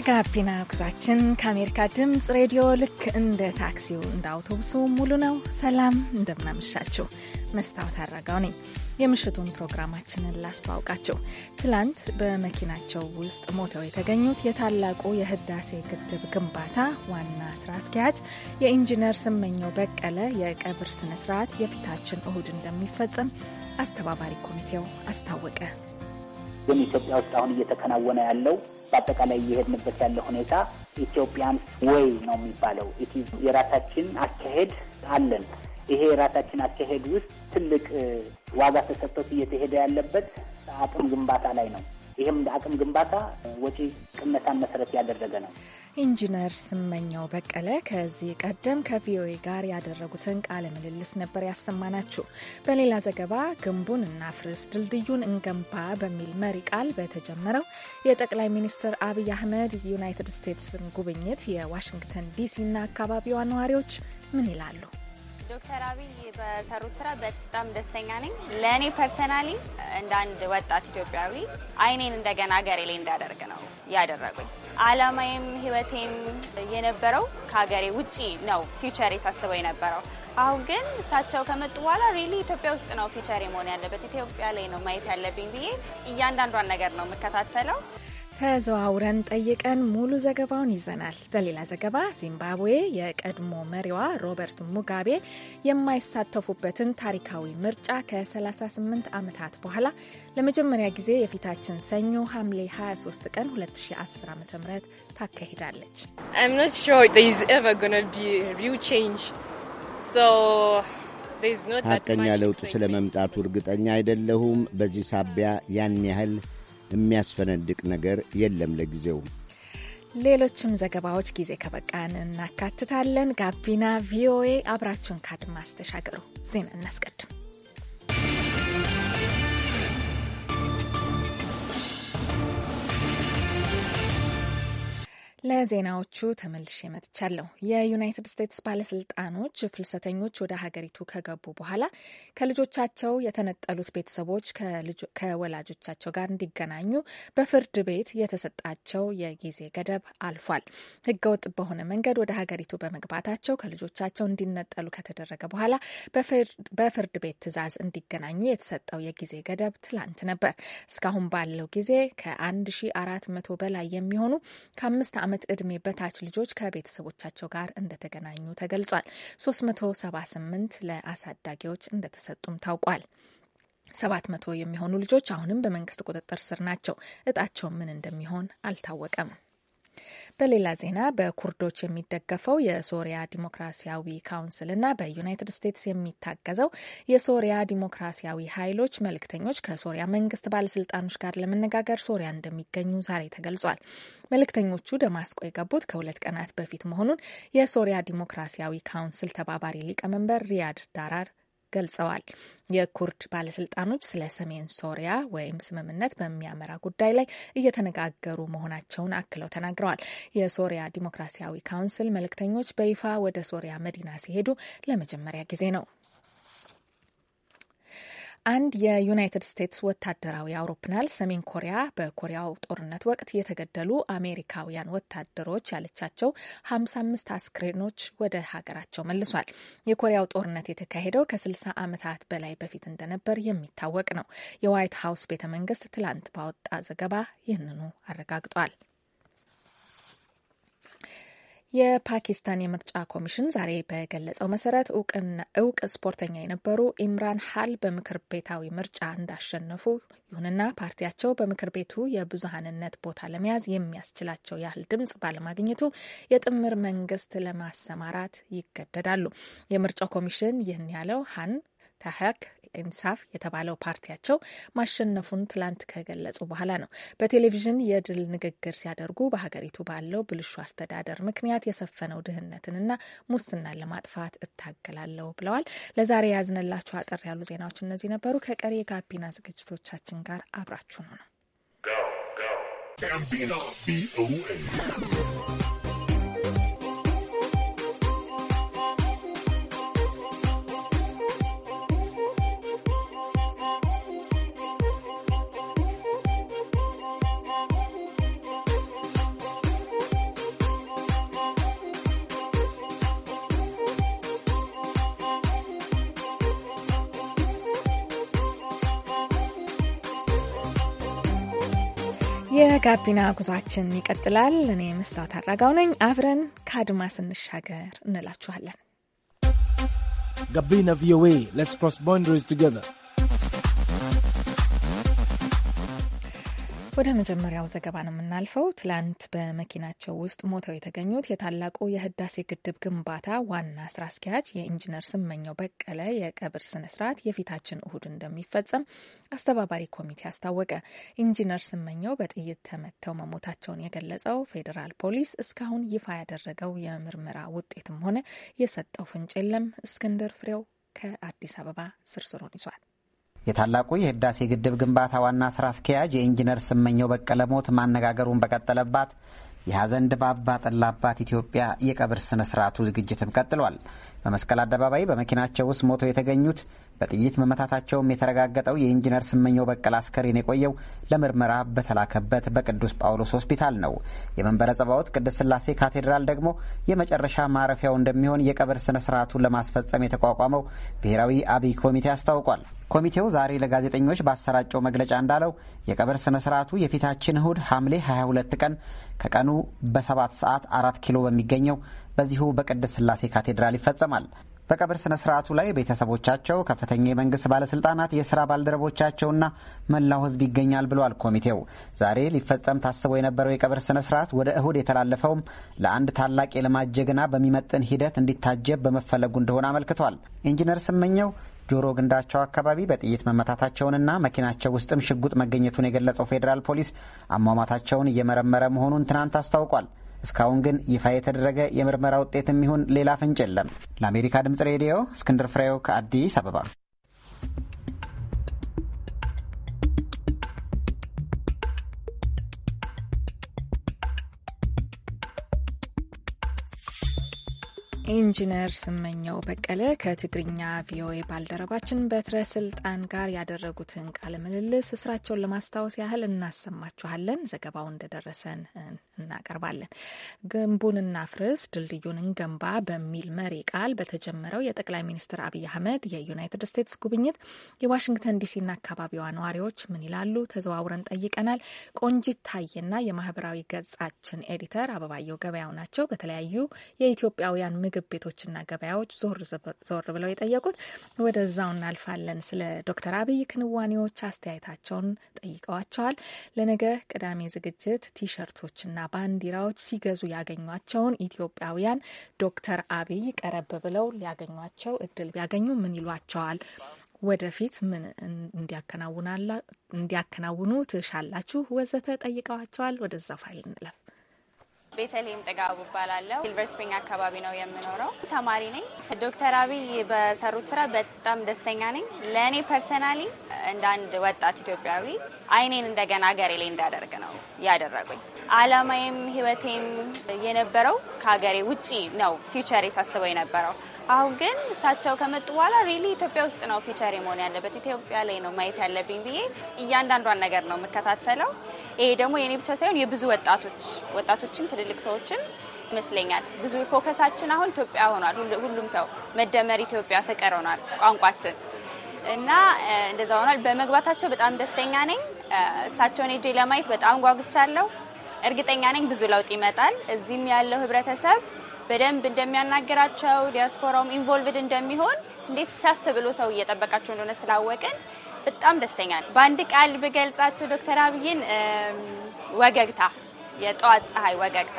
የጋቢና ጉዟችን ከአሜሪካ ድምፅ ሬዲዮ ልክ እንደ ታክሲው እንደ አውቶቡሱ ሙሉ ነው። ሰላም እንደምናመሻችሁ። መስታወት አረጋው ነኝ። የምሽቱን ፕሮግራማችንን ላስተዋውቃቸው። ትላንት በመኪናቸው ውስጥ ሞተው የተገኙት የታላቁ የህዳሴ ግድብ ግንባታ ዋና ስራ አስኪያጅ የኢንጂነር ስመኘው በቀለ የቀብር ስነ ስርዓት የፊታችን እሁድ እንደሚፈጸም አስተባባሪ ኮሚቴው አስታወቀ። ግን ኢትዮጵያ ውስጥ አሁን እየተከናወነ ያለው በአጠቃላይ እየሄድንበት ያለ ሁኔታ ኢትዮጵያን ወይ ነው የሚባለው። የራሳችን አካሄድ አለን። ይሄ የራሳችን አካሄድ ውስጥ ትልቅ ዋጋ ተሰጥቶት እየተሄደ ያለበት አቅም ግንባታ ላይ ነው። ይህም አቅም ግንባታ ወጪ ቅነታን መሰረት ያደረገ ነው። ኢንጂነር ስመኛው በቀለ ከዚህ ቀደም ከቪኦኤ ጋር ያደረጉትን ቃለ ምልልስ ነበር ያሰማናችሁ። በሌላ ዘገባ ግንቡን እናፍርስ ድልድዩን እንገንባ በሚል መሪ ቃል በተጀመረው የጠቅላይ ሚኒስትር አብይ አህመድ ዩናይትድ ስቴትስን ጉብኝት የዋሽንግተን ዲሲና አካባቢዋ ነዋሪዎች ምን ይላሉ? ዶክተር አብይ በሰሩት ስራ በጣም ደስተኛ ነኝ። ለእኔ ፐርሰናሊ እንደ አንድ ወጣት ኢትዮጵያዊ አይኔን እንደገና ሀገሬ ላይ እንዳደርግ ነው ያደረጉኝ። አላማዬም ህይወቴም የነበረው ከሀገሬ ውጪ ነው ፊውቸር ሳስበው የነበረው። አሁን ግን እሳቸው ከመጡ በኋላ ሪሊ ኢትዮጵያ ውስጥ ነው ፊውቸር መሆን ያለበት፣ ኢትዮጵያ ላይ ነው ማየት ያለብኝ ብዬ እያንዳንዷን ነገር ነው የምከታተለው። ተዘዋውረን ጠይቀን ሙሉ ዘገባውን ይዘናል። በሌላ ዘገባ ዚምባብዌ የቀድሞ መሪዋ ሮበርት ሙጋቤ የማይሳተፉበትን ታሪካዊ ምርጫ ከ38 ዓመታት በኋላ ለመጀመሪያ ጊዜ የፊታችን ሰኞ ሐምሌ 23 ቀን 2010 ዓ ም ታካሂዳለች። ሀቀኛ ለውጥ ስለመምጣቱ እርግጠኛ አይደለሁም። በዚህ ሳቢያ ያን ያህል የሚያስፈነድቅ ነገር የለም ለጊዜው። ሌሎችም ዘገባዎች ጊዜ ከበቃን እናካትታለን። ጋቢና ቪኦኤ አብራችሁን ካድማስ ተሻገሩ። ዜና እናስቀድም። ለዜናዎቹ ተመልሼ መጥቻለሁ። የዩናይትድ ስቴትስ ባለስልጣኖች ፍልሰተኞች ወደ ሀገሪቱ ከገቡ በኋላ ከልጆቻቸው የተነጠሉት ቤተሰቦች ከወላጆቻቸው ጋር እንዲገናኙ በፍርድ ቤት የተሰጣቸው የጊዜ ገደብ አልፏል። ህገወጥ በሆነ መንገድ ወደ ሀገሪቱ በመግባታቸው ከልጆቻቸው እንዲነጠሉ ከተደረገ በኋላ በፍርድ ቤት ትዕዛዝ እንዲገናኙ የተሰጠው የጊዜ ገደብ ትላንት ነበር። እስካሁን ባለው ጊዜ ከ1400 በላይ የሚሆኑ ከአምስት ዓመት ዕድሜ በታች ልጆች ከቤተሰቦቻቸው ጋር እንደተገናኙ ተገልጿል። 378 ለአሳዳጊዎች እንደተሰጡም ታውቋል። ሰባት መቶ የሚሆኑ ልጆች አሁንም በመንግስት ቁጥጥር ስር ናቸው። እጣቸው ምን እንደሚሆን አልታወቀም። በሌላ ዜና በኩርዶች የሚደገፈው የሶሪያ ዲሞክራሲያዊ ካውንስል እና በዩናይትድ ስቴትስ የሚታገዘው የሶሪያ ዲሞክራሲያዊ ኃይሎች መልእክተኞች ከሶሪያ መንግስት ባለስልጣኖች ጋር ለመነጋገር ሶሪያ እንደሚገኙ ዛሬ ተገልጿል። መልእክተኞቹ ደማስቆ የገቡት ከሁለት ቀናት በፊት መሆኑን የሶሪያ ዲሞክራሲያዊ ካውንስል ተባባሪ ሊቀመንበር ሪያድ ዳራር ገልጸዋል። የኩርድ ባለስልጣኖች ስለ ሰሜን ሶሪያ ወይም ስምምነት በሚያመራ ጉዳይ ላይ እየተነጋገሩ መሆናቸውን አክለው ተናግረዋል። የሶሪያ ዲሞክራሲያዊ ካውንስል መልእክተኞች በይፋ ወደ ሶሪያ መዲና ሲሄዱ ለመጀመሪያ ጊዜ ነው። አንድ የዩናይትድ ስቴትስ ወታደራዊ አውሮፕላን ሰሜን ኮሪያ በኮሪያው ጦርነት ወቅት የተገደሉ አሜሪካውያን ወታደሮች ያለቻቸው 55 አስክሬኖች ወደ ሀገራቸው መልሷል። የኮሪያው ጦርነት የተካሄደው ከ60 ዓመታት በላይ በፊት እንደነበር የሚታወቅ ነው። የዋይት ሀውስ ቤተ መንግስት ትላንት ባወጣ ዘገባ ይህንኑ አረጋግጧል። የፓኪስታን የምርጫ ኮሚሽን ዛሬ በገለጸው መሰረት እውቅ ስፖርተኛ የነበሩ ኢምራን ሀል በምክር ቤታዊ ምርጫ እንዳሸነፉ፣ ይሁንና ፓርቲያቸው በምክር ቤቱ የብዙሀንነት ቦታ ለመያዝ የሚያስችላቸው ያህል ድምጽ ባለማግኘቱ የጥምር መንግስት ለማሰማራት ይገደዳሉ። የምርጫው ኮሚሽን ይህን ያለው ሀን ታሀክ ኢንሳፍ የተባለው ፓርቲያቸው ማሸነፉን ትላንት ከገለጹ በኋላ ነው። በቴሌቪዥን የድል ንግግር ሲያደርጉ በሀገሪቱ ባለው ብልሹ አስተዳደር ምክንያት የሰፈነው ድህነትንና ሙስናን ለማጥፋት እታገላለሁ ብለዋል። ለዛሬ ያዝንላችሁ አጠር ያሉ ዜናዎች እነዚህ ነበሩ። ከቀሪ የጋቢና ዝግጅቶቻችን ጋር አብራችሁ ነው ነው የጋቢና ጉዟችን ይቀጥላል። እኔ መስታወት አራጋው ነኝ። አብረን ከአድማስ እንሻገር እንላችኋለን። ጋቢና ቪኦኤ ሌትስ ክሮስ ባውንደሪስ ቱጌዘር ወደ መጀመሪያው ዘገባ ነው የምናልፈው። ትላንት በመኪናቸው ውስጥ ሞተው የተገኙት የታላቁ የህዳሴ ግድብ ግንባታ ዋና ስራ አስኪያጅ የኢንጂነር ስመኘው በቀለ የቀብር ስነ ስርዓት የፊታችን እሁድ እንደሚፈጸም አስተባባሪ ኮሚቴ አስታወቀ። ኢንጂነር ስመኘው በጥይት ተመተው መሞታቸውን የገለጸው ፌዴራል ፖሊስ እስካሁን ይፋ ያደረገው የምርመራ ውጤትም ሆነ የሰጠው ፍንጭ የለም። እስክንድር ፍሬው ከአዲስ አበባ ዝርዝሩን ይዟል። የታላቁ የህዳሴ ግድብ ግንባታ ዋና ስራ አስኪያጅ የኢንጂነር ስመኘው በቀለ ሞት ማነጋገሩን በቀጠለባት የሐዘን ድባብ ባጠላባት ኢትዮጵያ የቀብር ስነ ስርዓቱ ዝግጅትም ቀጥሏል። በመስቀል አደባባይ በመኪናቸው ውስጥ ሞተው የተገኙት በጥይት መመታታቸውም የተረጋገጠው የኢንጂነር ስመኘው በቀለ አስከሬን የቆየው ለምርመራ በተላከበት በቅዱስ ጳውሎስ ሆስፒታል ነው። የመንበረ ጸባዖት ቅድስት ስላሴ ካቴድራል ደግሞ የመጨረሻ ማረፊያው እንደሚሆን የቀብር ስነ ስርዓቱን ለማስፈጸም የተቋቋመው ብሔራዊ አብይ ኮሚቴ አስታውቋል። ኮሚቴው ዛሬ ለጋዜጠኞች ባሰራጨው መግለጫ እንዳለው የቀብር ስነ ስርዓቱ የፊታችን እሁድ ሐምሌ 22 ቀን ከቀኑ በሰባት ሰዓት አራት ኪሎ በሚገኘው በዚሁ በቅድስት ስላሴ ካቴድራል ይፈጸማል። በቀብር ስነ ስርዓቱ ላይ ቤተሰቦቻቸው፣ ከፍተኛ የመንግስት ባለስልጣናት፣ የስራ ባልደረቦቻቸውና መላው ህዝብ ይገኛል ብሏል ኮሚቴው። ዛሬ ሊፈጸም ታስቦ የነበረው የቀብር ስነ ስርዓት ወደ እሁድ የተላለፈውም ለአንድ ታላቅ የልማት ጀግና በሚመጥን ሂደት እንዲታጀብ በመፈለጉ እንደሆነ አመልክቷል። ኢንጂነር ስመኘው ጆሮ ግንዳቸው አካባቢ በጥይት መመታታቸውንና መኪናቸው ውስጥም ሽጉጥ መገኘቱን የገለጸው ፌዴራል ፖሊስ አሟሟታቸውን እየመረመረ መሆኑን ትናንት አስታውቋል። እስካሁን ግን ይፋ የተደረገ የምርመራ ውጤትም የሚሆን ሌላ ፍንጭ የለም። ለአሜሪካ ድምጽ ሬዲዮ እስክንድር ፍሬው ከአዲስ አበባ ኢንጂነር ስመኘው በቀለ ከትግርኛ ቪኦኤ ባልደረባችን በትረ ስልጣን ጋር ያደረጉትን ቃለ ምልልስ ስራቸውን ለማስታወስ ያህል እናሰማችኋለን። ዘገባው እንደደረሰን እናቀርባለን። ግንቡንና ፍርስ ድልድዩን እንገንባ በሚል መሪ ቃል በተጀመረው የጠቅላይ ሚኒስትር አብይ አህመድ የዩናይትድ ስቴትስ ጉብኝት የዋሽንግተን ዲሲና አካባቢዋ ነዋሪዎች ምን ይላሉ? ተዘዋውረን ጠይቀናል። ቆንጂት ታዬና የማህበራዊ ገጻችን ኤዲተር አበባየው ገበያው ናቸው። በተለያዩ የኢትዮጵያውያን ምግብ ምግብ ቤቶችና ገበያዎች ዞር ብለው የጠየቁት ወደዛው እናልፋለን። ስለ ዶክተር አብይ ክንዋኔዎች አስተያየታቸውን ጠይቀዋቸዋል። ለነገ ቅዳሜ ዝግጅት ቲሸርቶችና ባንዲራዎች ሲገዙ ያገኟቸውን ኢትዮጵያውያን ዶክተር አብይ ቀረብ ብለው ሊያገኟቸው እድል ቢያገኙ ምን ይሏቸዋል? ወደፊት ምን እንዲያከናውኑ ትሻላችሁ? ወዘተ ጠይቀዋቸዋል። ወደዛ ፋይል እንለፍ። ቤተልሔም ጥጋቡ እባላለሁ። ሲልቨር ስፕሪንግ አካባቢ ነው የምኖረው። ተማሪ ነኝ። ዶክተር አብይ በሰሩት ስራ በጣም ደስተኛ ነኝ። ለእኔ ፐርሰናሊ እንደ አንድ ወጣት ኢትዮጵያዊ አይኔን እንደገና ሀገሬ ላይ እንዳደርግ ነው ያደረጉኝ። አላማዬም ህይወቴም የነበረው ከሀገሬ ውጪ ነው ፊውቸር ሳስበው የነበረው። አሁን ግን እሳቸው ከመጡ በኋላ ሪሊ ኢትዮጵያ ውስጥ ነው ፊውቸር መሆን ያለበት፣ ኢትዮጵያ ላይ ነው ማየት ያለብኝ ብዬ እያንዳንዷን ነገር ነው የምከታተለው። ይሄ ደግሞ የኔ ብቻ ሳይሆን የብዙ ወጣቶች ወጣቶችም ትልልቅ ሰዎችም ይመስለኛል። ብዙ ፎከሳችን አሁን ኢትዮጵያ ሆኗል። ሁሉም ሰው መደመር ኢትዮጵያ ፍቅር ሆኗል ቋንቋችን እና እንደዛ ሆኗል። በመግባታቸው በጣም ደስተኛ ነኝ። እሳቸውን እጄ ለማየት በጣም ጓጉቻለሁ። እርግጠኛ ነኝ ብዙ ለውጥ ይመጣል። እዚህም ያለው ህብረተሰብ በደንብ እንደሚያናገራቸው ዲያስፖራውም ኢንቮልቭድ እንደሚሆን እንዴት ሰፍ ብሎ ሰው እየጠበቃቸው እንደሆነ ስላወቅን በጣም ደስተኛ ነው። በአንድ ቃል ብገልጻቸው ዶክተር አብይን ወገግታ፣ የጠዋት ፀሐይ ወገግታ።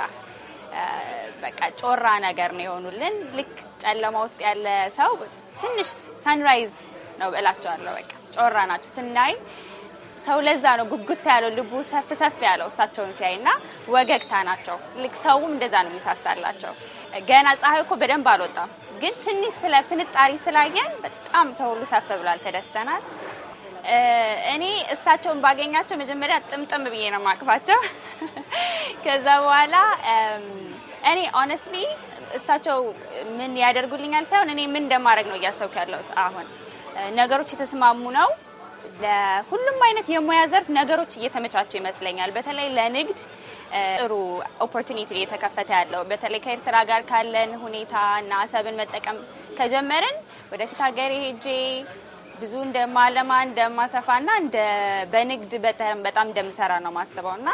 በቃ ጮራ ነገር ነው የሆኑልን። ልክ ጨለማ ውስጥ ያለ ሰው ትንሽ ሰንራይዝ ነው እላቸዋለሁ። በቃ ጮራ ናቸው ስናይ ሰው ለዛ ነው ጉጉታ ያለው ልቡ ሰፍ ሰፍ ያለው እሳቸውን ሲያይ እና ወገግታ ናቸው። ልክ ሰውም እንደዛ ነው የሚሳሳላቸው። ገና ፀሐይ እኮ በደንብ አልወጣም፣ ግን ትንሽ ስለ ፍንጣሪ ስላየን በጣም ሰው ሁሉ ሰፍ ብሏል፣ ተደስተናል። እኔ እሳቸውን ባገኛቸው መጀመሪያ ጥምጥም ብዬ ነው ማቅፋቸው። ከዛ በኋላ እኔ ኦነስትሊ እሳቸው ምን ያደርጉልኛል ሳይሆን እኔ ምን እንደማድረግ ነው እያሰብኩ ያለሁት። አሁን ነገሮች የተስማሙ ነው። ለሁሉም አይነት የሙያ ዘርፍ ነገሮች እየተመቻቸው ይመስለኛል። በተለይ ለንግድ ጥሩ ኦፖርቱኒቲ እየተከፈተ ያለው በተለይ ከኤርትራ ጋር ካለን ሁኔታ እና አሰብን መጠቀም ከጀመርን ወደፊት ሀገር ሄጄ ብዙ እንደማለማ እንደማሰፋና እንደ በንግድ በጣም እንደምሰራ ነው ማስበው እና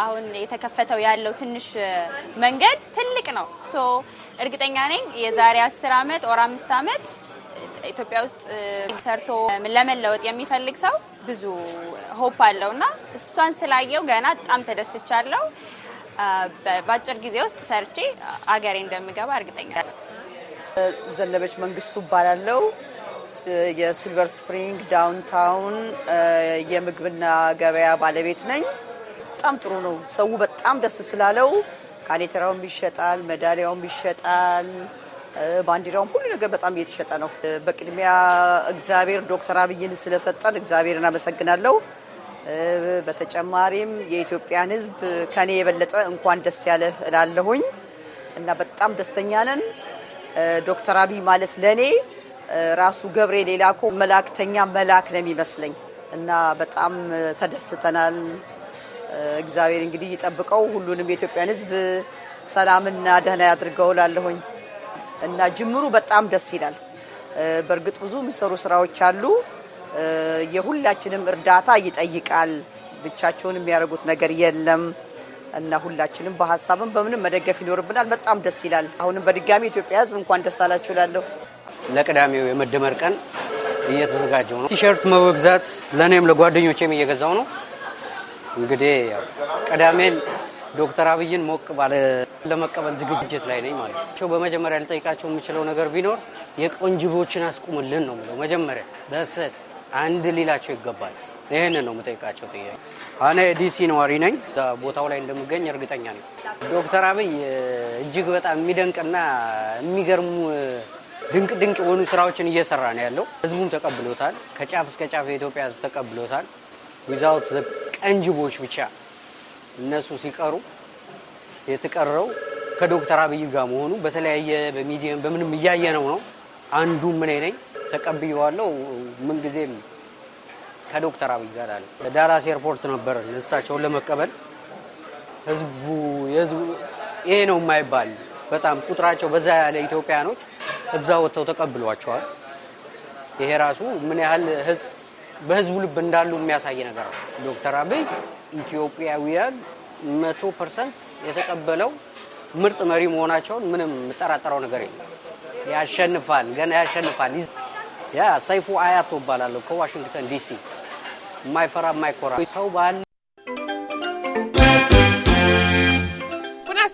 አሁን የተከፈተው ያለው ትንሽ መንገድ ትልቅ ነው። ሶ እርግጠኛ ነኝ የዛሬ አስር አመት ወር አምስት አመት ኢትዮጵያ ውስጥ ሰርቶ ለመለወጥ የሚፈልግ ሰው ብዙ ሆፕ አለው እና እሷን ስላየው ገና በጣም ተደስቻለሁ። በአጭር ጊዜ ውስጥ ሰርቼ አገሬ እንደምገባ እርግጠኛ ነኝ። ዘለበች መንግስቱ እባላለሁ። የሲልቨር ስፕሪንግ ዳውንታውን የምግብና ገበያ ባለቤት ነኝ። በጣም ጥሩ ነው። ሰው በጣም ደስ ስላለው ካኔተራውም ይሸጣል፣ መዳሊያውም ይሸጣል፣ ባንዲራውም ሁሉ ነገር በጣም እየተሸጠ ነው። በቅድሚያ እግዚአብሔር ዶክተር አብይን ስለሰጠን እግዚአብሔርን አመሰግናለሁ። በተጨማሪም የኢትዮጵያን ሕዝብ ከኔ የበለጠ እንኳን ደስ ያለ እላለሁኝ እና በጣም ደስተኛ ነን። ዶክተር አብይ ማለት ለእኔ ራሱ ገብርኤል የላኮ መላእክተኛ መልአክ ነው የሚመስለኝ እና በጣም ተደስተናል። እግዚአብሔር እንግዲህ ይጠብቀው ሁሉንም የኢትዮጵያን ሕዝብ ሰላምና ደህና ያድርገው ላለሁኝ እና ጅምሩ በጣም ደስ ይላል። በእርግጥ ብዙ የሚሰሩ ስራዎች አሉ። የሁላችንም እርዳታ ይጠይቃል። ብቻቸውን የሚያደርጉት ነገር የለም እና ሁላችንም በሀሳብም በምንም መደገፍ ይኖርብናል። በጣም ደስ ይላል። አሁንም በድጋሚ ኢትዮጵያ ህዝብ እንኳን ደስ አላችሁ ላለሁ ለቅዳሜው የመደመር ቀን እየተዘጋጀው ነው። ቲሸርት መግዛት ለእኔም ለጓደኞቼም እየገዛው ነው። እንግዲህ ቅዳሜን ዶክተር አብይን ሞቅ ባለ ለመቀበል ዝግጅት ላይ ነኝ ማለት ነው። በመጀመሪያ ልጠይቃቸው የምችለው ነገር ቢኖር የቆንጅቦችን አስቁምልን ነው የምለው። መጀመሪያ በሰት አንድ ሊላቸው ይገባል። ይህን ነው የምጠይቃቸው ጥያቄ። እኔ ዲሲ ነዋሪ ነኝ። ቦታው ላይ እንደምገኝ እርግጠኛ ነኝ። ዶክተር አብይ እጅግ በጣም የሚደንቅና የሚገርሙ ድንቅ ድንቅ የሆኑ ስራዎችን እየሰራ ነው ያለው። ህዝቡም ተቀብሎታል። ከጫፍ እስከ ጫፍ የኢትዮጵያ ህዝብ ተቀብሎታል። ዊዛውት ቀንጅቦች ብቻ እነሱ ሲቀሩ የተቀረው ከዶክተር አብይ ጋር መሆኑ በተለያየ በሚዲየም በምንም እያየ ነው ነው አንዱ ምን ነኝ ተቀብየዋለው። ምንጊዜም ከዶክተር አብይ ጋር አለ። በዳላስ ኤርፖርት ነበር እሳቸውን ለመቀበል ህዝቡ ይሄ ነው የማይባል በጣም ቁጥራቸው በዛ ያለ ኢትዮጵያኖች እዛ ወጥተው ተቀብሏቸዋል። ይሄ ራሱ ምን ያህል ህዝብ በህዝቡ ልብ እንዳሉ የሚያሳይ ነገር ነው። ዶክተር አብይ ኢትዮጵያውያን መቶ ፐርሰንት የተቀበለው ምርጥ መሪ መሆናቸውን ምንም የምጠራጠረው ነገር የለም። ያሸንፋል፣ ገና ያሸንፋል። ያ ሰይፉ አያቶ እባላለሁ ከዋሽንግተን ዲሲ። የማይፈራ የማይኮራ ሰው ባለ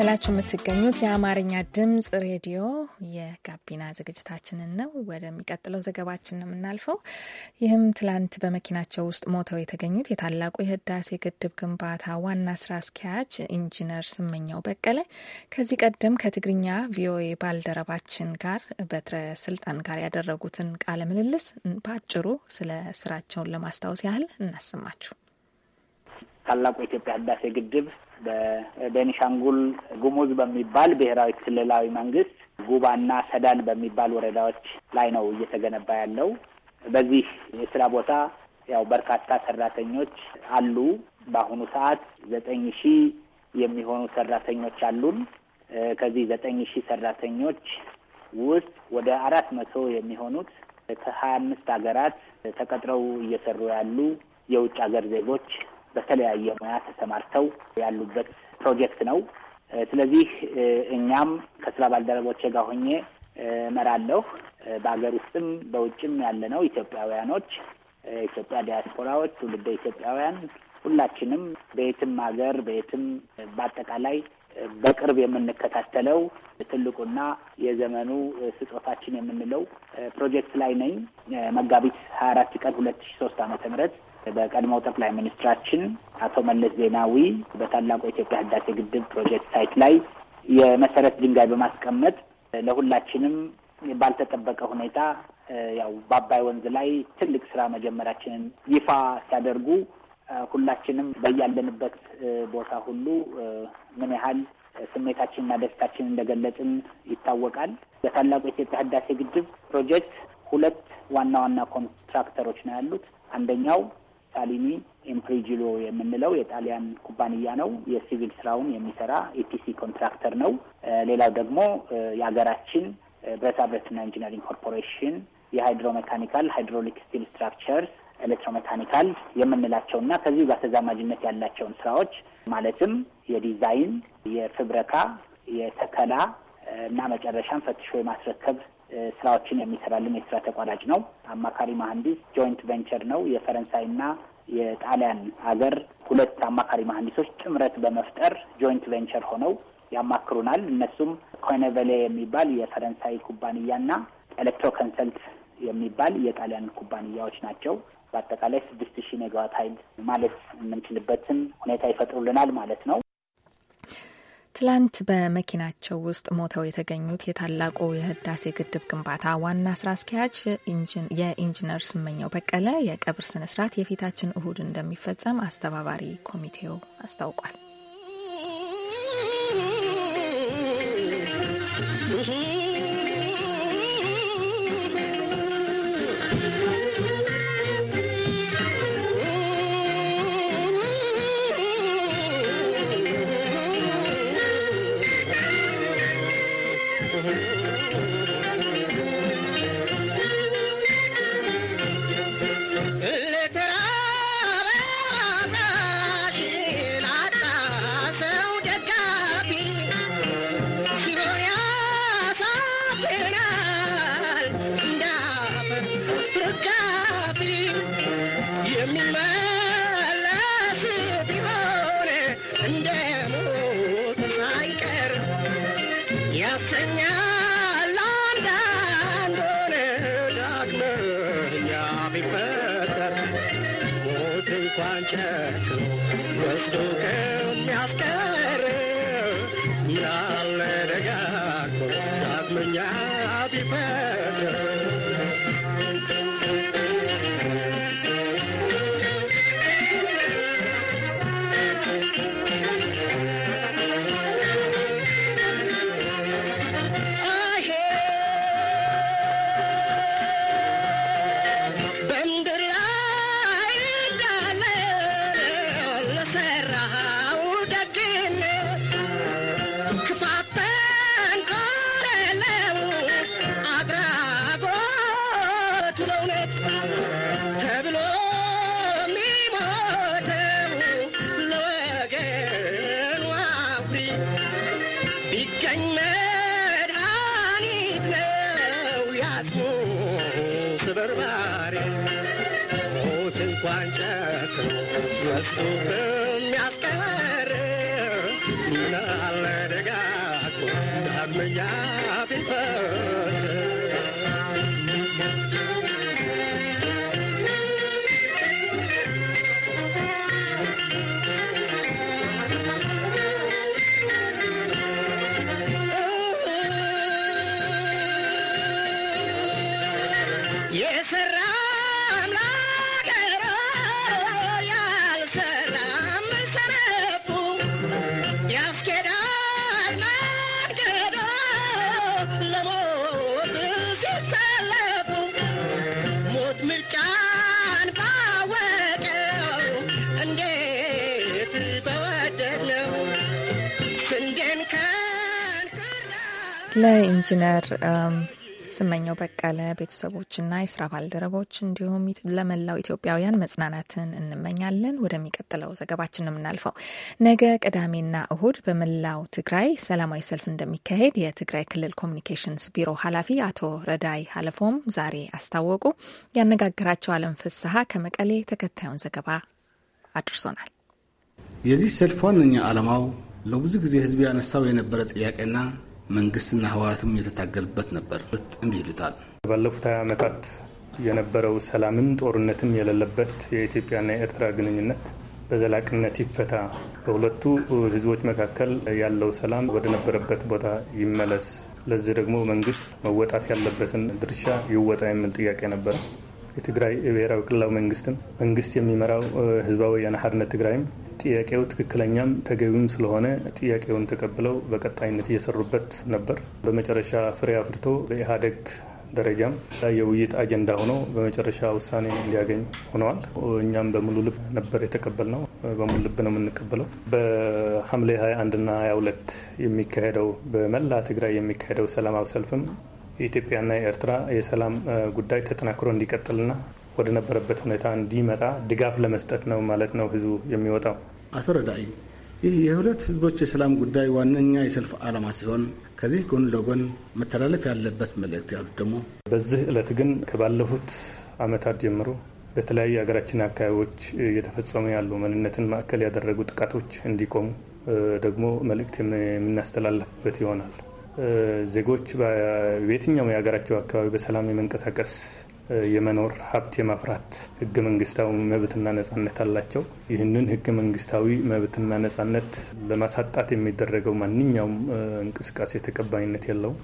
እየተከታተላችሁ የምትገኙት የአማርኛ ድምጽ ሬዲዮ የጋቢና ዝግጅታችንን ነው። ወደሚቀጥለው ዘገባችን ነው የምናልፈው። ይህም ትላንት በመኪናቸው ውስጥ ሞተው የተገኙት የታላቁ የህዳሴ ግድብ ግንባታ ዋና ስራ አስኪያጅ ኢንጂነር ስመኛው በቀለ ከዚህ ቀደም ከትግርኛ ቪኦኤ ባልደረባችን ጋር በትረ ስልጣን ጋር ያደረጉትን ቃለ ምልልስ በአጭሩ ስለ ስራቸውን ለማስታወስ ያህል እናሰማችሁ። ታላቁ የኢትዮጵያ ህዳሴ ግድብ በቤኒሻንጉል ጉሙዝ በሚባል ብሔራዊ ክልላዊ መንግስት ጉባና ሰዳን በሚባል ወረዳዎች ላይ ነው እየተገነባ ያለው። በዚህ የስራ ቦታ ያው በርካታ ሰራተኞች አሉ። በአሁኑ ሰዓት ዘጠኝ ሺህ የሚሆኑ ሰራተኞች አሉን። ከዚህ ዘጠኝ ሺህ ሰራተኞች ውስጥ ወደ አራት መቶ የሚሆኑት ከሀያ አምስት ሀገራት ተቀጥረው እየሰሩ ያሉ የውጭ ሀገር ዜጎች በተለያየ ሙያ ተሰማርተው ያሉበት ፕሮጀክት ነው። ስለዚህ እኛም ከስራ ባልደረቦቼ ጋር ሆኜ እመራለሁ። በሀገር ውስጥም በውጭም ያለነው ኢትዮጵያውያኖች፣ ኢትዮጵያ ዲያስፖራዎች፣ ትውልደ ኢትዮጵያውያን ሁላችንም በየትም ሀገር በየትም በአጠቃላይ በቅርብ የምንከታተለው ትልቁና የዘመኑ ስጦታችን የምንለው ፕሮጀክት ላይ ነኝ። መጋቢት ሀያ አራት ቀን ሁለት ሺ ሶስት አመተ ምህረት በቀድሞው ጠቅላይ ሚኒስትራችን አቶ መለስ ዜናዊ በታላቁ የኢትዮጵያ ህዳሴ ግድብ ፕሮጀክት ሳይት ላይ የመሰረት ድንጋይ በማስቀመጥ ለሁላችንም ባልተጠበቀ ሁኔታ ያው በአባይ ወንዝ ላይ ትልቅ ስራ መጀመራችንን ይፋ ሲያደርጉ ሁላችንም በያለንበት ቦታ ሁሉ ምን ያህል ስሜታችንና ደስታችን እንደገለጽን ይታወቃል። በታላቁ የኢትዮጵያ ህዳሴ ግድብ ፕሮጀክት ሁለት ዋና ዋና ኮንትራክተሮች ነው ያሉት። አንደኛው ሳሊኒ ኢምፕሪጅሎ የምንለው የጣሊያን ኩባንያ ነው። የሲቪል ስራውን የሚሰራ ኢፒሲ ኮንትራክተር ነው። ሌላው ደግሞ የሀገራችን ብረታ ብረትና ኢንጂነሪንግ ኮርፖሬሽን የሃይድሮ ሜካኒካል፣ ሃይድሮሊክ ስቲል ስትራክቸርስ፣ ኤሌክትሮ ሜካኒካል የምንላቸው እና ከዚሁ ጋር ተዛማጅነት ያላቸውን ስራዎች ማለትም የዲዛይን፣ የፍብረካ፣ የተከላ እና መጨረሻም ፈትሾ የማስረከብ ስራዎችን የሚሰራልን የስራ ተቋራጭ ነው። አማካሪ መሀንዲስ ጆይንት ቬንቸር ነው። የፈረንሳይና የጣሊያን ሀገር ሁለት አማካሪ መሀንዲሶች ጥምረት በመፍጠር ጆይንት ቬንቸር ሆነው ያማክሩናል። እነሱም ኮይነቨሌ የሚባል የፈረንሳይ ኩባንያና ኤሌክትሮ ኮንሰልት የሚባል የጣሊያን ኩባንያዎች ናቸው። በአጠቃላይ ስድስት ሺህ ሜጋዋት ኃይል ማለት የምንችልበትን ሁኔታ ይፈጥሩልናል ማለት ነው። ትላንት በመኪናቸው ውስጥ ሞተው የተገኙት የታላቁ የህዳሴ ግድብ ግንባታ ዋና ስራ አስኪያጅ የኢንጂነር ስመኘው በቀለ የቀብር ስነስርዓት የፊታችን እሁድ እንደሚፈጸም አስተባባሪ ኮሚቴው አስታውቋል። ቢፈጠር ሞት እንኳን ጨክኖ ወስዶ ከሚያስቀር አዲስ በርባሪ ሞት እንኳን ጨክኖ ለኢንጂነር ስመኘው በቀለ ቤተሰቦችና የስራ ባልደረቦች እንዲሁም ለመላው ኢትዮጵያውያን መጽናናትን እንመኛለን። ወደሚቀጥለው ዘገባችን ነው የምናልፈው። ነገ ቅዳሜና እሁድ በመላው ትግራይ ሰላማዊ ሰልፍ እንደሚካሄድ የትግራይ ክልል ኮሚኒኬሽንስ ቢሮ ኃላፊ አቶ ረዳይ ሀለፎም ዛሬ አስታወቁ። ያነጋገራቸው አለም ፍስሀ ከመቀሌ ተከታዩን ዘገባ አድርሶናል። የዚህ ሰልፍ ዋነኛ አላማው። ለብዙ ጊዜ ህዝብ ያነሳው የነበረ ጥያቄና መንግስትና ህወሓትም የተታገልበት ነበር። እንዲህ ይሉታል። ባለፉት ሀያ ዓመታት የነበረው ሰላምም ጦርነትም የሌለበት የኢትዮጵያና የኤርትራ ግንኙነት በዘላቅነት ይፈታ፣ በሁለቱ ህዝቦች መካከል ያለው ሰላም ወደ ነበረበት ቦታ ይመለስ፣ ለዚህ ደግሞ መንግስት መወጣት ያለበትን ድርሻ ይወጣ የሚል ጥያቄ ነበረ። የትግራይ ብሔራዊ ክልላዊ መንግስትም መንግስት የሚመራው ህዝባዊ ወያነ ሓርነት ትግራይም ጥያቄው ትክክለኛም ተገቢም ስለሆነ ጥያቄውን ተቀብለው በቀጣይነት እየሰሩበት ነበር። በመጨረሻ ፍሬ አፍርቶ በኢህአዴግ ደረጃም የውይይት አጀንዳ ሆኖ በመጨረሻ ውሳኔ እንዲያገኝ ሆነዋል። እኛም በሙሉ ልብ ነበር የተቀበልነው፣ በሙሉ ልብ ነው የምንቀበለው። በሐምሌ 21 እና 22 የሚካሄደው በመላ ትግራይ የሚካሄደው ሰላማዊ ሰልፍም የኢትዮጵያና የኤርትራ የሰላም ጉዳይ ተጠናክሮ እንዲቀጥልና ወደ ነበረበት ሁኔታ እንዲመጣ ድጋፍ ለመስጠት ነው ማለት ነው ህዝቡ የሚወጣው። አቶ ረዳኢ፣ ይህ የሁለት ህዝቦች የሰላም ጉዳይ ዋነኛ የሰልፍ ዓላማ ሲሆን ከዚህ ጎን ለጎን መተላለፍ ያለበት መልእክት ያሉት ደግሞ በዚህ ዕለት ግን ከባለፉት ዓመታት ጀምሮ በተለያዩ የሀገራችን አካባቢዎች እየተፈጸሙ ያሉ ማንነትን ማዕከል ያደረጉ ጥቃቶች እንዲቆሙ ደግሞ መልእክት የምናስተላለፍበት ይሆናል። ዜጎች በየትኛውም የሀገራቸው አካባቢ በሰላም የመንቀሳቀስ የመኖር ሀብት የማፍራት ህገ መንግስታዊ መብትና ነጻነት አላቸው። ይህንን ህገ መንግስታዊ መብትና ነጻነት ለማሳጣት የሚደረገው ማንኛውም እንቅስቃሴ ተቀባይነት የለውም።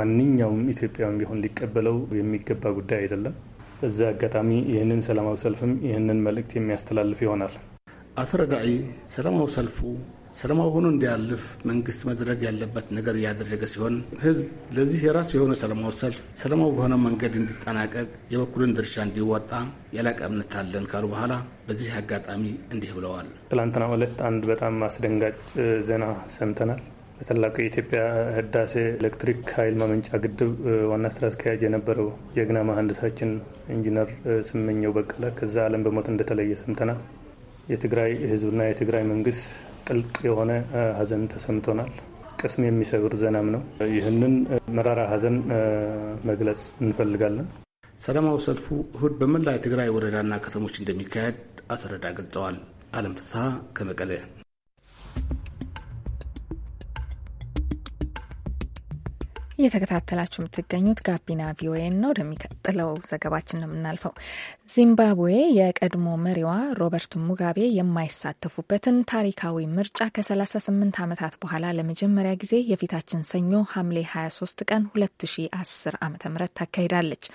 ማንኛውም ኢትዮጵያ ቢሆን ሊቀበለው የሚገባ ጉዳይ አይደለም። በዛ አጋጣሚ ይህንን ሰላማዊ ሰልፍም ይህንን መልእክት የሚያስተላልፍ ይሆናል። አቶ ረጋዒ ሰላማዊ ሰልፉ ሰላማዊ ሆኖ እንዲያልፍ መንግስት መድረግ ያለበት ነገር እያደረገ ሲሆን ህዝብ ለዚህ የራሱ የሆነ ሰላማዊ ሰልፍ ሰላማዊ በሆነ መንገድ እንዲጠናቀቅ የበኩልን ድርሻ እንዲወጣ የላቀ እምነት አለን ካሉ በኋላ በዚህ አጋጣሚ እንዲህ ብለዋል። ትላንትና ዕለት አንድ በጣም አስደንጋጭ ዜና ሰምተናል። በታላቁ የኢትዮጵያ ህዳሴ ኤሌክትሪክ ኃይል ማመንጫ ግድብ ዋና ስራ አስኪያጅ የነበረው ጀግና መሐንዲሳችን ኢንጂነር ስመኘው በቀለ ከዛ ዓለም በሞት እንደተለየ ሰምተናል። የትግራይ ህዝብና የትግራይ መንግስት ጥልቅ የሆነ ሀዘን ተሰምቶናል። ቅስም የሚሰብር ዘናም ነው። ይህንን መራራ ሀዘን መግለጽ እንፈልጋለን። ሰላማዊ ሰልፉ እሁድ በመላ የትግራይ ወረዳና ከተሞች እንደሚካሄድ አቶ ረዳ ገልጸዋል። አለም ፍስሐ ከመቀለ እየተከታተላችሁ የምትገኙት ጋቢና ቪኦኤን ነው። ወደሚቀጥለው ዘገባችን ነው የምናልፈው። ዚምባብዌ የቀድሞ መሪዋ ሮበርት ሙጋቤ የማይሳተፉበትን ታሪካዊ ምርጫ ከ38 ዓመታት በኋላ ለመጀመሪያ ጊዜ የፊታችን ሰኞ ሐምሌ 23 ቀን 2010 ዓ ም ታካሂዳለች።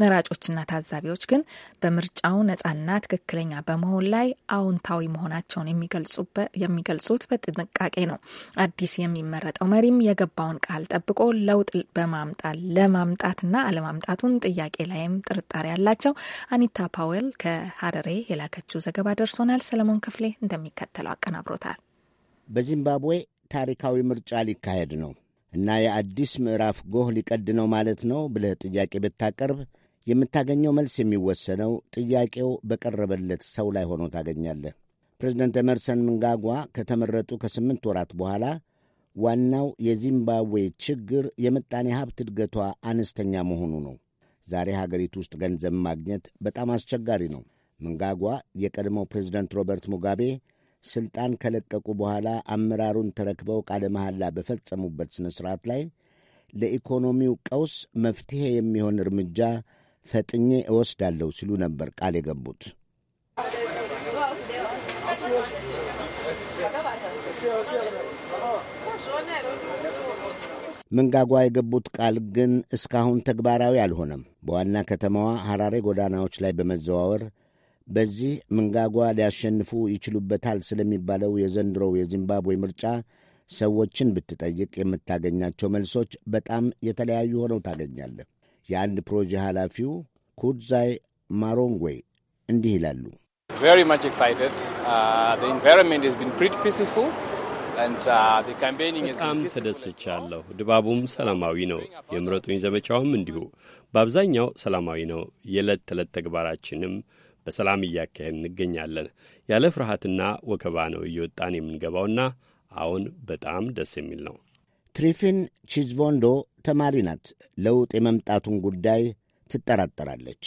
መራጮችና ታዛቢዎች ግን በምርጫው ነጻና ትክክለኛ በመሆን ላይ አዎንታዊ መሆናቸውን የሚገልጹት በጥንቃቄ ነው። አዲስ የሚመረጠው መሪም የገባውን ቃል ጠብቆ ለውጥ በማምጣት ለማምጣትና አለማምጣቱን ጥያቄ ላይም ጥርጣሬ ያላቸው። አኒታ ፓዌል ከሀረሬ የላከችው ዘገባ ደርሶናል። ሰለሞን ክፍሌ እንደሚከተለው አቀናብሮታል። በዚምባብዌ ታሪካዊ ምርጫ ሊካሄድ ነው እና የአዲስ ምዕራፍ ጎህ ሊቀድ ነው ማለት ነው ብለህ ጥያቄ ብታቀርብ የምታገኘው መልስ የሚወሰነው ጥያቄው በቀረበለት ሰው ላይ ሆኖ ታገኛለህ። ፕሬዚደንት ኤመርሰን ምንጋጓ ከተመረጡ ከስምንት ወራት በኋላ ዋናው የዚምባብዌ ችግር የምጣኔ ሀብት እድገቷ አነስተኛ መሆኑ ነው። ዛሬ ሀገሪቱ ውስጥ ገንዘብ ማግኘት በጣም አስቸጋሪ ነው። ምንጋጓ የቀድሞው ፕሬዚደንት ሮበርት ሙጋቤ ስልጣን ከለቀቁ በኋላ አመራሩን ተረክበው ቃለ መሐላ በፈጸሙበት ሥነ ሥርዓት ላይ ለኢኮኖሚው ቀውስ መፍትሔ የሚሆን እርምጃ ፈጥኜ እወስዳለሁ ሲሉ ነበር ቃል የገቡት። መንጋጓ የገቡት ቃል ግን እስካሁን ተግባራዊ አልሆነም። በዋና ከተማዋ ሐራሬ ጎዳናዎች ላይ በመዘዋወር በዚህ ምንጋጓ ሊያሸንፉ ይችሉበታል ስለሚባለው የዘንድሮው የዚምባብዌ ምርጫ ሰዎችን ብትጠይቅ የምታገኛቸው መልሶች በጣም የተለያዩ ሆነው ታገኛለህ። የአንድ ፕሮጀ ኃላፊው ኩድዛይ ማሮንጎይ እንዲህ ይላሉ። uh, uh, በጣም ተደስቻለሁ። ድባቡም ሰላማዊ ነው። የምረጡኝ ዘመቻውም እንዲሁ በአብዛኛው ሰላማዊ ነው። የዕለት ተዕለት ተግባራችንም በሰላም እያካሄድ እንገኛለን። ያለ ፍርሃትና ወከባ ነው እየወጣን የምንገባውና አሁን በጣም ደስ የሚል ነው። ትሪፊን ቺዝቮንዶ ተማሪ ናት። ለውጥ የመምጣቱን ጉዳይ ትጠራጠራለች።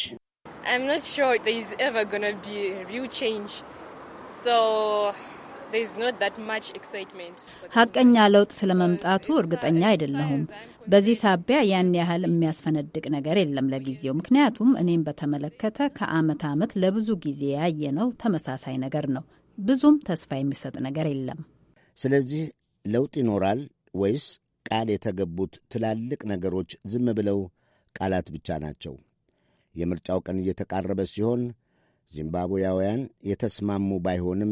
ሀቀኛ ለውጥ ስለመምጣቱ እርግጠኛ አይደለሁም። በዚህ ሳቢያ ያን ያህል የሚያስፈነድቅ ነገር የለም ለጊዜው። ምክንያቱም እኔም በተመለከተ ከአመት አመት ለብዙ ጊዜ ያየነው ተመሳሳይ ነገር ነው። ብዙም ተስፋ የሚሰጥ ነገር የለም። ስለዚህ ለውጥ ይኖራል ወይስ ቃል የተገቡት ትላልቅ ነገሮች ዝም ብለው ቃላት ብቻ ናቸው? የምርጫው ቀን እየተቃረበ ሲሆን ዚምባብዌያውያን የተስማሙ ባይሆንም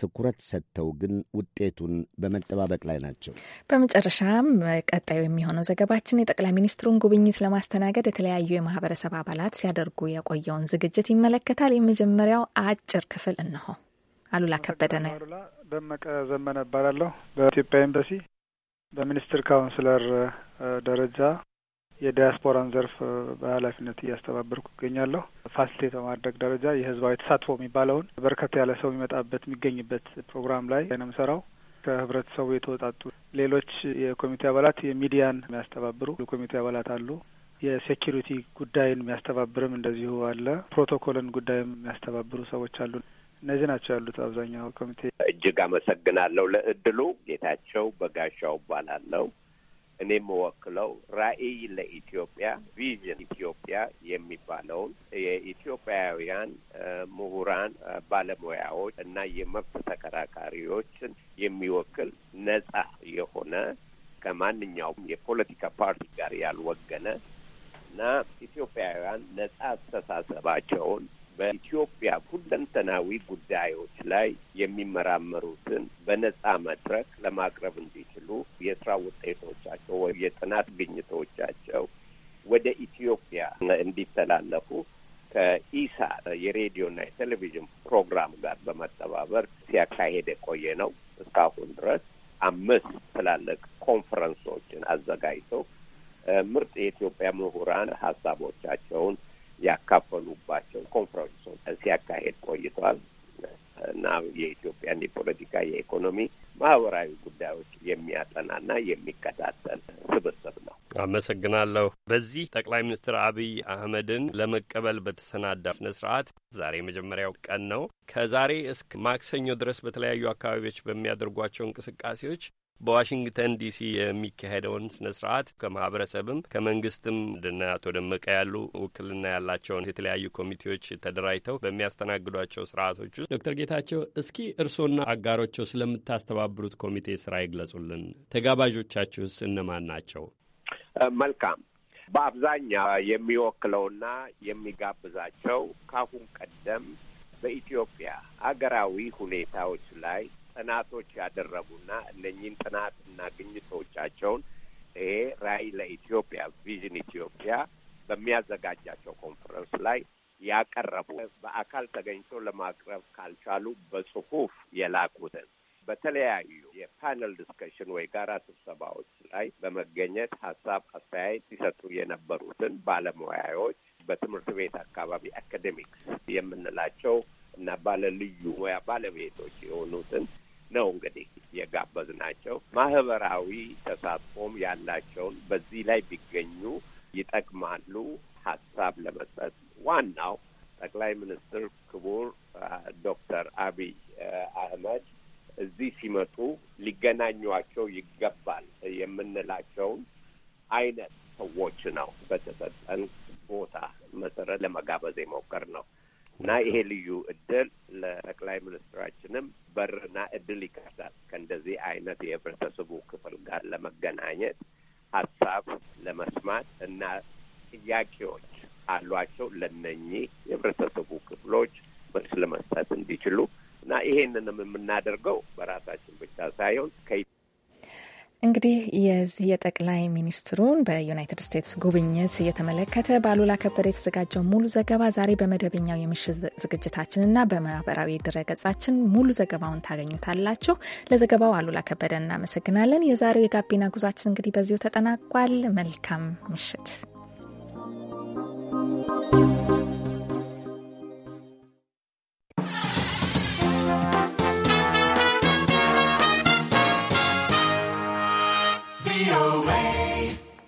ትኩረት ሰጥተው ግን ውጤቱን በመጠባበቅ ላይ ናቸው። በመጨረሻም ቀጣዩ የሚሆነው ዘገባችን የጠቅላይ ሚኒስትሩን ጉብኝት ለማስተናገድ የተለያዩ የማህበረሰብ አባላት ሲያደርጉ የቆየውን ዝግጅት ይመለከታል። የመጀመሪያው አጭር ክፍል እነሆ። አሉላ ከበደ ነው። ደመቀ ዘመነ እባላለሁ በኢትዮጵያ ኤምባሲ በሚኒስትር ካውንስለር ደረጃ የዲያስፖራን ዘርፍ በኃላፊነት እያስተባበርኩ ይገኛለሁ። ፋሲሊቴት በማድረግ ደረጃ የህዝባዊ ተሳትፎ የሚባለውን በርከት ያለ ሰው የሚመጣበት የሚገኝበት ፕሮግራም ላይ ነው የምሰራው። ከህብረተሰቡ የተወጣጡ ሌሎች የኮሚቴ አባላት የሚዲያን የሚያስተባብሩ የኮሚቴ አባላት አሉ። የሴኪሪቲ ጉዳይን የሚያስተባብርም እንደዚሁ አለ። ፕሮቶኮልን ጉዳይም የሚያስተባብሩ ሰዎች አሉ። እነዚህ ናቸው ያሉት አብዛኛው ኮሚቴ። እጅግ አመሰግናለሁ ለእድሉ። ጌታቸው በጋሻው እባላለሁ። እኔ የምወክለው ራዕይ ለኢትዮጵያ ቪዥን ኢትዮጵያ የሚባለውን የኢትዮጵያውያን ምሁራን፣ ባለሙያዎች እና የመብት ተከራካሪዎችን የሚወክል ነጻ የሆነ ከማንኛውም የፖለቲካ ፓርቲ ጋር ያልወገነ እና ኢትዮጵያውያን ነጻ አስተሳሰባቸውን በኢትዮጵያ ሁለንተናዊ ጉዳዮች ላይ የሚመራመሩትን በነጻ መድረክ ለማቅረብ እንዲችሉ የስራ ውጤቶቻቸው ወይም የጥናት ግኝቶቻቸው ወደ ኢትዮጵያ እንዲተላለፉ ከኢሳ የሬዲዮና የቴሌቪዥን ፕሮግራም ጋር በመተባበር ሲያካሄድ የቆየ ነው። እስካሁን ድረስ አምስት ትላልቅ ኮንፈረንሶችን አዘጋጅቶ ምርጥ የኢትዮጵያ ምሁራን ሀሳቦቻቸውን ያካፈሉባቸው ኮንፈረንሶች ሲያካሄድ ቆይቷል እና የኢትዮጵያን የፖለቲካ፣ የኢኮኖሚ፣ ማህበራዊ ጉዳዮች የሚያጠናና የሚከታተል ስብስብ ነው። አመሰግናለሁ። በዚህ ጠቅላይ ሚኒስትር አብይ አህመድን ለመቀበል በተሰናዳ ስነ ስርዓት ዛሬ የመጀመሪያው ቀን ነው። ከዛሬ እስከ ማክሰኞ ድረስ በተለያዩ አካባቢዎች በሚያደርጓቸው እንቅስቃሴዎች በዋሽንግተን ዲሲ የሚካሄደውን ስነ ስርዓት ከማህበረሰብም ከመንግስትም ድና አቶ ደመቀ ያሉ ውክልና ያላቸውን የተለያዩ ኮሚቴዎች ተደራጅተው በሚያስተናግዷቸው ስርዓቶች ውስጥ ዶክተር ጌታቸው እስኪ እርስዎና አጋሮቸው ስለምታስተባብሩት ኮሚቴ ስራ ይግለጹልን። ተጋባዦቻችሁስ እነማን ናቸው? መልካም በአብዛኛው የሚወክለውና የሚጋብዛቸው ካሁን ቀደም በኢትዮጵያ አገራዊ ሁኔታዎች ላይ ጥናቶች ያደረጉና እነኚህን ጥናትና ግኝቶቻቸውን ይሄ ራዕይ ለኢትዮጵያ ቪዥን ኢትዮጵያ በሚያዘጋጃቸው ኮንፈረንስ ላይ ያቀረቡ በአካል ተገኝቶ ለማቅረብ ካልቻሉ በጽሁፍ የላኩትን በተለያዩ የፓነል ዲስከሽን ወይ ጋራ ስብሰባዎች ላይ በመገኘት ሀሳብ አስተያየት ሲሰጡ የነበሩትን ባለሙያዎች በትምህርት ቤት አካባቢ አካዴሚክስ የምንላቸው እና ባለልዩ ሙያ ባለቤቶች የሆኑትን ነው እንግዲህ የጋበዝ ናቸው። ማህበራዊ ተሳትፎም ያላቸውን በዚህ ላይ ቢገኙ ይጠቅማሉ። ሀሳብ ለመስጠት ዋናው ጠቅላይ ሚኒስትር ክቡር ዶክተር አብይ አህመድ እዚህ ሲመጡ ሊገናኟቸው ይገባል የምንላቸውን አይነት ሰዎች ነው በተሰጠን ቦታ መሰረት ለመጋበዝ የሞከር ነው እና ይሄ ልዩ እድል ለጠቅላይ ሚኒስትራችንም በርና እድል ይከፍታል። ከእንደዚህ አይነት የህብረተሰቡ ክፍል ጋር ለመገናኘት ሀሳብ ለመስማት እና ጥያቄዎች አሏቸው ለነኚህ የህብረተሰቡ ክፍሎች መልስ ለመስጠት እንዲችሉ እና ይሄንንም የምናደርገው በራሳችን ብቻ ሳይሆን ከ እንግዲህ የዚህ የጠቅላይ ሚኒስትሩን በዩናይትድ ስቴትስ ጉብኝት እየተመለከተ በአሉላ ከበደ የተዘጋጀው ሙሉ ዘገባ ዛሬ በመደበኛው የምሽት ዝግጅታችንና በማህበራዊ ድረገጻችን ሙሉ ዘገባውን ታገኙታላችሁ። ለዘገባው አሉላ ከበደ እናመሰግናለን። የዛሬው የጋቢና ጉዟችን እንግዲህ በዚሁ ተጠናቋል። መልካም ምሽት።